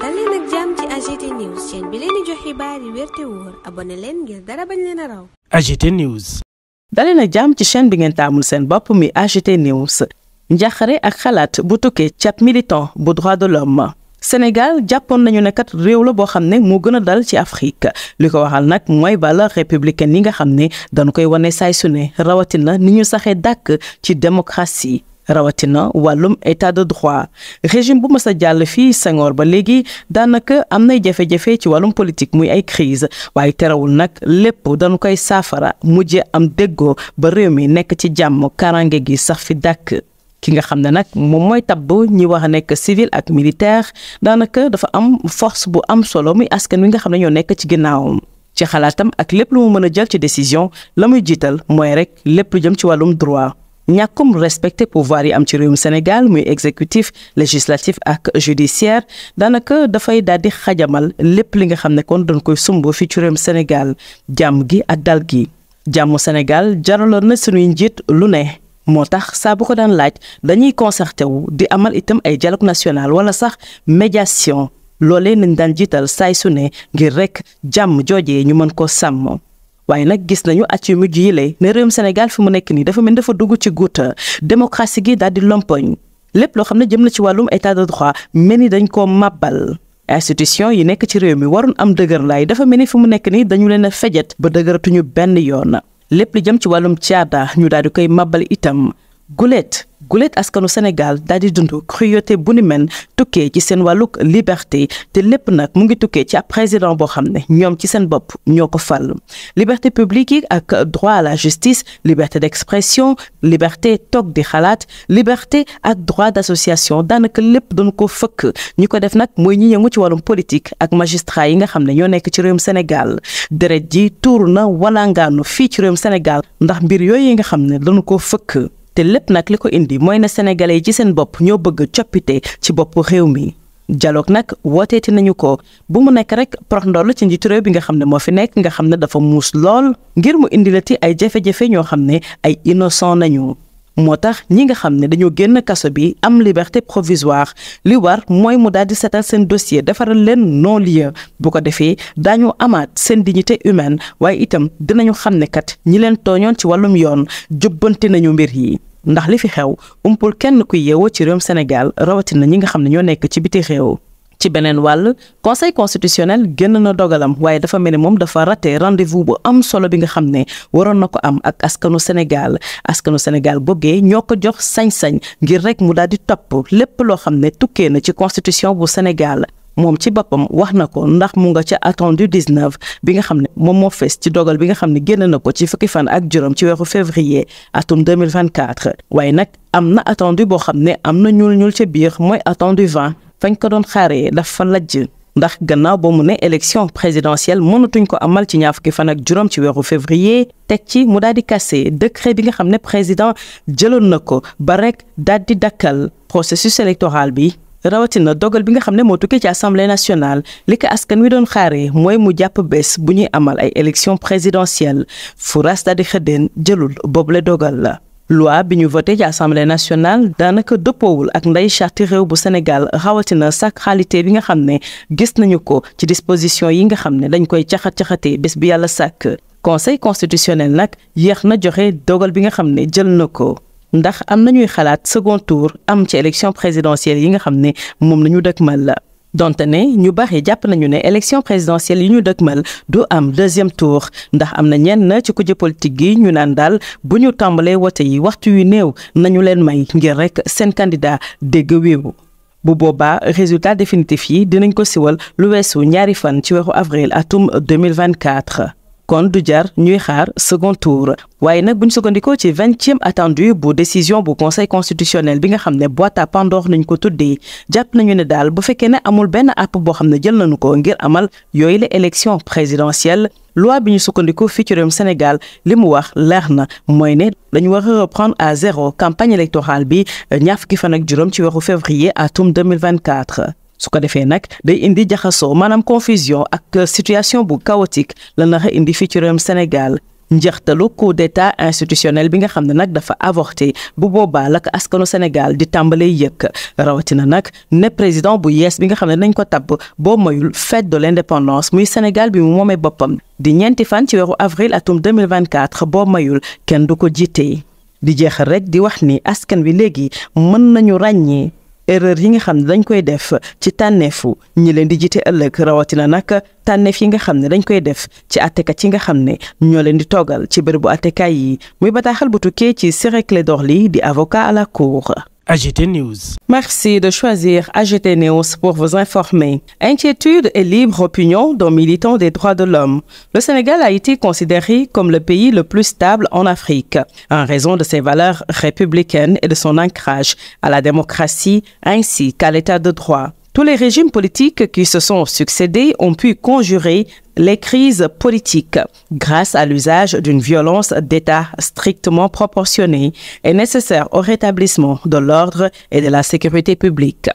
dal leen ak ci AGT bi leen di jox leen a raw. AGT News. daleen ak ci chaîne bi ngeen taamul seen bopp mi AGT News. njaxare ak xalaat bu tukkee cap militant bu droit de l'homme Sénégal jàppoon nañu ne kat réew la boo xam ne moo gën a dal ci Afrique li ko waxal nag mooy bala républicaine yi nga xam ne dañu koy wane saay su ne na ni ñu saxee dàkk ci démocratie. rawatina wàllum état de droit régime bu mës a jàll fii sangoor ba léegi daanaka am nay jafe-jafe ci wàllum politique muy ay crise waaye terewul nag lépp dañu koy saafara mujje am déggoo ba réew mi nekk ci jàmm karange gi sax fi dàkk ki nga xam ne nag moom mooy tabb ñi wax a nekk civil ak militaire daanaka dafa am force bu am solo muy askan wi nga xam ne ñoo nekk ci ginnaawam ci xalaatam ak lépp lu mu mën a jël ci décision la muy jiital mooy rek lépp lu jëm ci wàllum droit ñàkkum respecté pouvoir yi am ci réewum Sénégal muy exécutif législatif ak judiciaire danaka dafay daal di xajamal lépp li nga xam ne kon dañ koy sumb fii ci réewum Sénégal jàmm gi ak dal gi jàmmu Sénégal jaraloon na suñuy njiit lu ne moo tax saa bu ko daan laaj dañuy concerté wu di amal itam ay jaloog national wala sax médiation loolee nañ daan jiital saay su ne ngir rek jàmm joojee ñu mën ko sàmm waaye nag gis nañu at yu mujj yi la ne réewum Sénégal fi mu nekk nii dafa mel dafa dugg ci guuta démocratie gi daal di lompoñ lépp loo xam ne jëm na ci wàllum état de droit mel ni dañ koo màbbal institution yi nekk ci réew mi waroon am dëgër laay dafa mel ni fi mu nekk nii dañu leen a fejet ba dëgëratuñu benn yoon lépp li jëm ci wàllum caada ñu daal di koy màbbal itam gulet gulet askanu Sénégal daal di dund cruauté bu ni men tukkee ci seen wàllug liberté te lépp nag mu ngi tukkee ci ab président boo xam ne ñoom ci seen bopp ñoo ko fal liberté publique yi ak droit à la justice liberté d'expression liberté toog di xalaat liberté ak droit d'association daanaka lépp doon ko fëkk ñu ko def nag mooy ñi yëngu ci wàllum politique ak magistrat yi nga xam ne ñoo nekk ci réewum Sénégal deret ji tuur na wala walangaanu fii ci réewum Sénégal ndax mbir yooyu yi nga xam ne doon ko fëkk te lépp nag li ko indi mooy na sénégalais yi ci seen bopp ñoo bëgg coppite ci boppu réew mi. jaloog nag wooteeti nañu ko bu mu nekk rek prox ndoll ci njiitu réew bi nga xam ne moo fi nekk nga xam ne dafa muus lool ngir mu indi la ti ay jafe-jafe ñoo xam ne ay inoson nañu. moo tax ñi nga xam ne dañoo génn kaso bi am liberté provisoire li war mooy mu daal di setal seen dossier defaral leen non lieu bu ko defee daañu amaat seen dignité humaine waaye itam dinañu xam ne kat ñi leen tooñoon ci wàllum yoon jubbanti nañu mbir yi. ndax li fi xew umpul kenn ku yeewoo ci réewum Sénégal rawatina ñi nga xam ne ñoo nekk ci biti réew. ci beneen wàll conseil constitutionnel génn na dogalam waaye dafa mel ni moom dafa raté rendez-vous bu am solo bi nga xam ne waroon na ko am ak askanu Sénégal askanu Sénégal boogee ñoo ko jox sañ-sañ ngir rek mu daal di topp lépp loo xam ne tukkee na ci constitution bu Sénégal moom ci boppam wax na ko ndax mu nga ca attendu 19 bi nga xam ne moom moo fees ci dogal bi nga xam ne génn na ko ci fukki fan ak juróom ci weeru février atum 2024 waaye nag am na attendu boo xam ne am na ñuul ñuul ca biir mooy attendu 20 fañ ko doon xaaree dafa lajj ndax gannaaw ba mu ne élection présidentielle mënatuñ ko amal ci ñaar fukki fan ak juróom ci weeru février teg ci mu daal di kase décret bi nga xam ne président jëloon na ko ba rek daal di dakkal processus électoral bi rawatina dogal bi nga xam ne moo tukkee ci assemblée nationale li ko askan wi doon xaaree mooy mu jàpp bés bu ñuy amal ay élections présidentielles Fouras daal di xëddeen jëlul boobule dogal la. loi bi ñu vote ci assemblée national daanaka dëppoowul ak nday charte réew bu Sénégal rawatina sacralité bi nga xam ne gis nañu ko ci disposition yi nga xam ne dañ koy caxat caxate bés bi yàlla sàkk conseil constitutionnel nag yéex na joxe dogal bi nga xam ne jël na ko. ndax am na ñuy xalaat second tour am ci élection présidentielle yi nga xam ne moom la ñu dëkkmal la donte ne ñu bari jàpp nañu ne élection présidentielle yi ñu dëkkmal du am deuxième tour ndax am na ñenn ci kujje politique gi ñu naan daal bu ñu tàmbalee wote yi waxtu yu néew nañu leen may ngir rek seen candidat dégg wéewu bu boobaa résultat définitif yi dinañ ko siwal lu weesu ñaari fan ci weeru avril atum 2024 kon du jar ñuy xaar second tour waaye nag buñ sukkandikoo ci vingtième attendu bu décision bu conseil constitutionnel bi nga xam ne boîte à Pandore nañ ko tuddee jàpp nañu ne daal bu fekkee ne amul benn àpp boo xam ne jël nañu ko ngir amal yooyu la élection présidentielle loi bi ñu sukkandikoo fii ci réewum Sénégal li mu wax leer na mooy ne dañu war a reprendre à zéro campagne électorale bi ñaar fukki fan ak juróom ci weeru février atum 2024 su ko defee nag day indi jaxasoo maanaam confusion ak euh, situation bu chaotique la nara indi fii ci réewum Sénégal njeextalu coup d'état bi nga xam ne nag dafa avorté bu boobaa la ko askanu Sénégal di tàmbalee yëkk rawatina nag ne président bu yees bi nga xam ne nañ ko tabb boo mayul fête de l'indépendance muy Sénégal bi mu moomee boppam di ñeenti fan ci weeru avril atum 2024 boo mayul kenn du ko jiite di jeexal rek di wax ni askan wi léegi mën nañu ràññee. erreur yi nga xam ne dañ koy def ci tànneefu ñi leen di jiite ëllëg rawatina nag tànneef yi nga xam ne dañ koy def ci àttekat yi nga xam ne ñoo leen di toogal ci bërëbu àttekaay yi muy bataaxal bu tukkee ci Ciré Clédor Ly di avocat à la AGT News. Merci de choisir AGT News pour vous informer. Inquiétude et libre opinion d'un militant des droits de l'homme. Le Sénégal a été considéré comme le pays le plus stable en Afrique, en raison de ses valeurs républicaines et de son ancrage à la démocratie ainsi qu'à l'état de droit. Tous les régimes politiques qui se sont succédés ont pu conjurer les crises politiques grâce à l'usage d'une violence d'État strictement proportionnée et nécessaire au rétablissement de l'ordre et de la sécurité publique.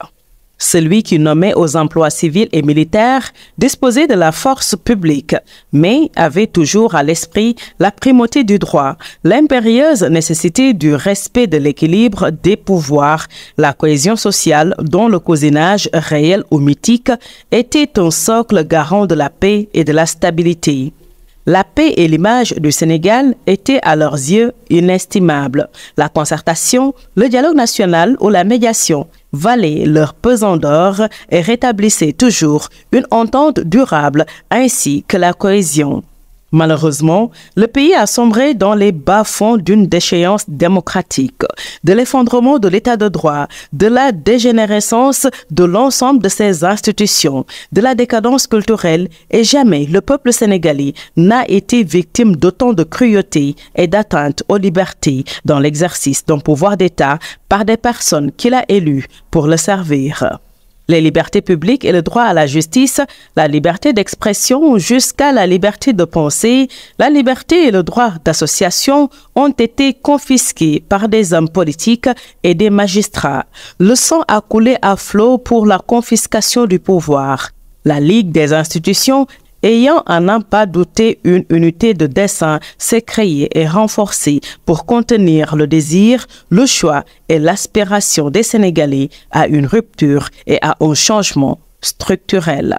celui qui nommait aux emplois civils et militaires disposait de la force publique, mais avait toujours à l'esprit la primauté du droit, l'impérieuse nécessité du respect de l'équilibre des pouvoirs, la cohésion sociale dont le cousinage réel ou mythique était un socle garant de la paix et de la stabilité. La paix et l'image du Sénégal étaient à leurs yeux inestimables. La concertation, le dialogue national ou la médiation valaient leur pesant d'or et rétablissaient toujours une entente durable ainsi que la cohésion. Malheureusement, le pays a sombré dans les bas-fonds d'une déchéance démocratique, de l'effondrement de l'état de droit, de la dégénérescence de l'ensemble de ses institutions, de la décadence culturelle et jamais le peuple sénégalais n'a été victime d'autant de cruauté et d'atteinte aux libertés dans l'exercice d'un pouvoir d'État par des personnes qu'il a élues pour le servir. les libertés publiques et le droit à la justice, la liberté d'expression jusqu'à la liberté de penser, la liberté et le droit d'association ont été confisqués par des hommes politiques et des magistrats. Le sang a à flot pour la confiscation du pouvoir. La Ligue des institutions ayant à n'en pas douter une unité de dessein, s'est créée et renforcée pour contenir le désir, le choix et l'aspiration des Sénégalais à une rupture et à un changement structurel.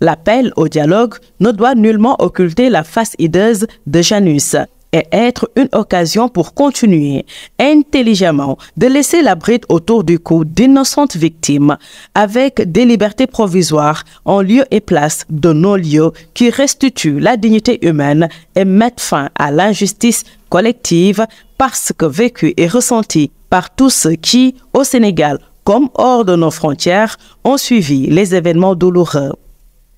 L'appel au dialogue ne doit nullement occulter la face hideuse de Janus, et être une occasion pour continuer intelligemment de laisser la bride autour du cou d'innocentes victimes avec des libertés provisoires en lieu et place de nos lieux qui restituent la dignité humaine et mettent fin à l'injustice collective parce que vécue et ressentie par tous ceux qui, au Sénégal comme hors de nos frontières, ont suivi les événements douloureux.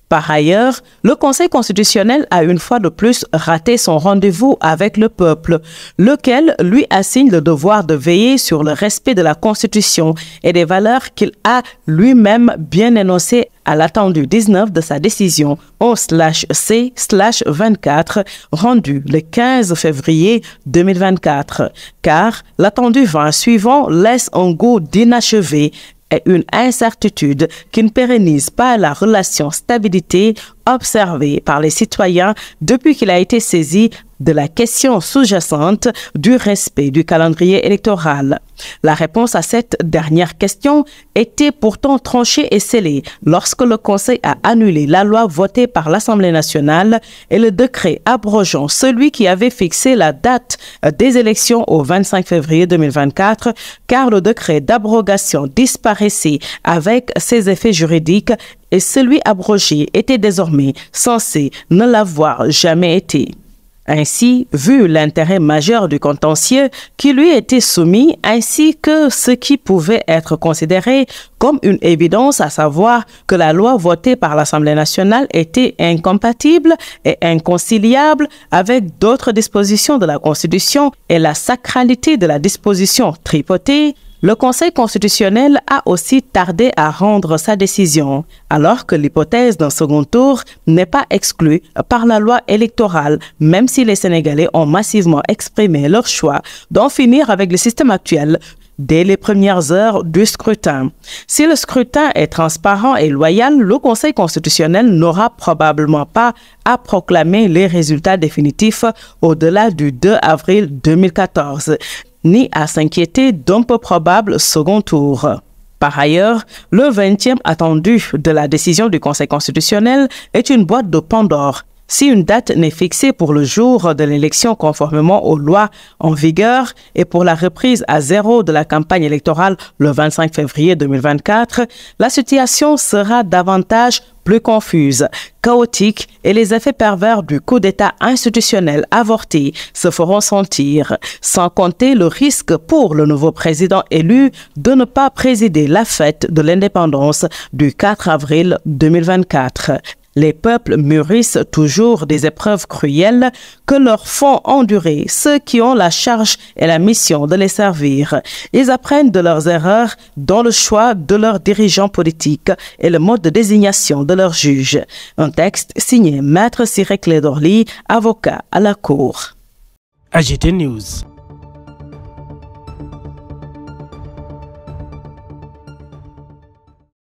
Par ailleurs, le Conseil constitutionnel a une fois de plus raté son rendez-vous avec le peuple, lequel lui assigne le devoir de veiller sur le respect de la Constitution et des valeurs qu'il a lui-même bien énoncées à l'attendu 19 de sa décision 11-C-24 rendue le 15 février 2024, car l'attendu 20 suivant laisse un goût d'inachevé et une incertitude qui ne pérennise pas la relation stabilité observé par les citoyens depuis qu'il a été saisi de la question sous-jacente du respect du calendrier électoral. La réponse à cette dernière question était pourtant tranchée et scellée lorsque le Conseil a annulé la loi votée par l'Assemblée nationale et le décret abrogeant celui qui avait fixé la date des élections au février car le décret d'abrogation disparaissait avec ses effets juridiques et celui abrogé était désormais censé ne l'avoir jamais été. Ainsi, vu l'intérêt majeur du contentieux qui lui était soumis ainsi que ce qui pouvait être considéré comme une évidence, à savoir que la loi votée par l'Assemblée nationale était incompatible et inconciliable avec d'autres dispositions de la Constitution et la sacralité de la disposition tripotée, Le Conseil constitutionnel a aussi tardé à rendre sa décision, alors que l'hypothèse d'un second tour n'est pas exclue par la loi électorale, même si les Sénégalais ont massivement exprimé leur choix d'en finir avec le système actuel dès les premières heures du scrutin. Si le scrutin est transparent et loyal, le Conseil constitutionnel n'aura probablement pas à proclamer les résultats définitifs au-delà du 2 avril 2014. ni à s'inquiéter d'un peu probable second tour. Par ailleurs, le 20e attendu de la décision du Conseil constitutionnel est une boîte de Pandore Si une date n'est fixée pour le jour de l'élection conformément aux lois en vigueur et pour la reprise à zéro de la campagne électorale le 25 février 2024, la situation sera davantage plus confuse, chaotique et les effets pervers du coup d'État institutionnel avorté se feront sentir, sans compter le risque pour le nouveau président élu de ne pas présider la fête de l'indépendance du 4 avril 2024. Les peuples mûrissent toujours des épreuves cruelles que leur font endurer ceux qui ont la charge et la mission de les servir. Ils apprennent de leurs erreurs dans le choix de leurs dirigeants politiques et le mode de désignation de leurs juges. Un texte signé Maître Cyril Clédorly, avocat à la Cour.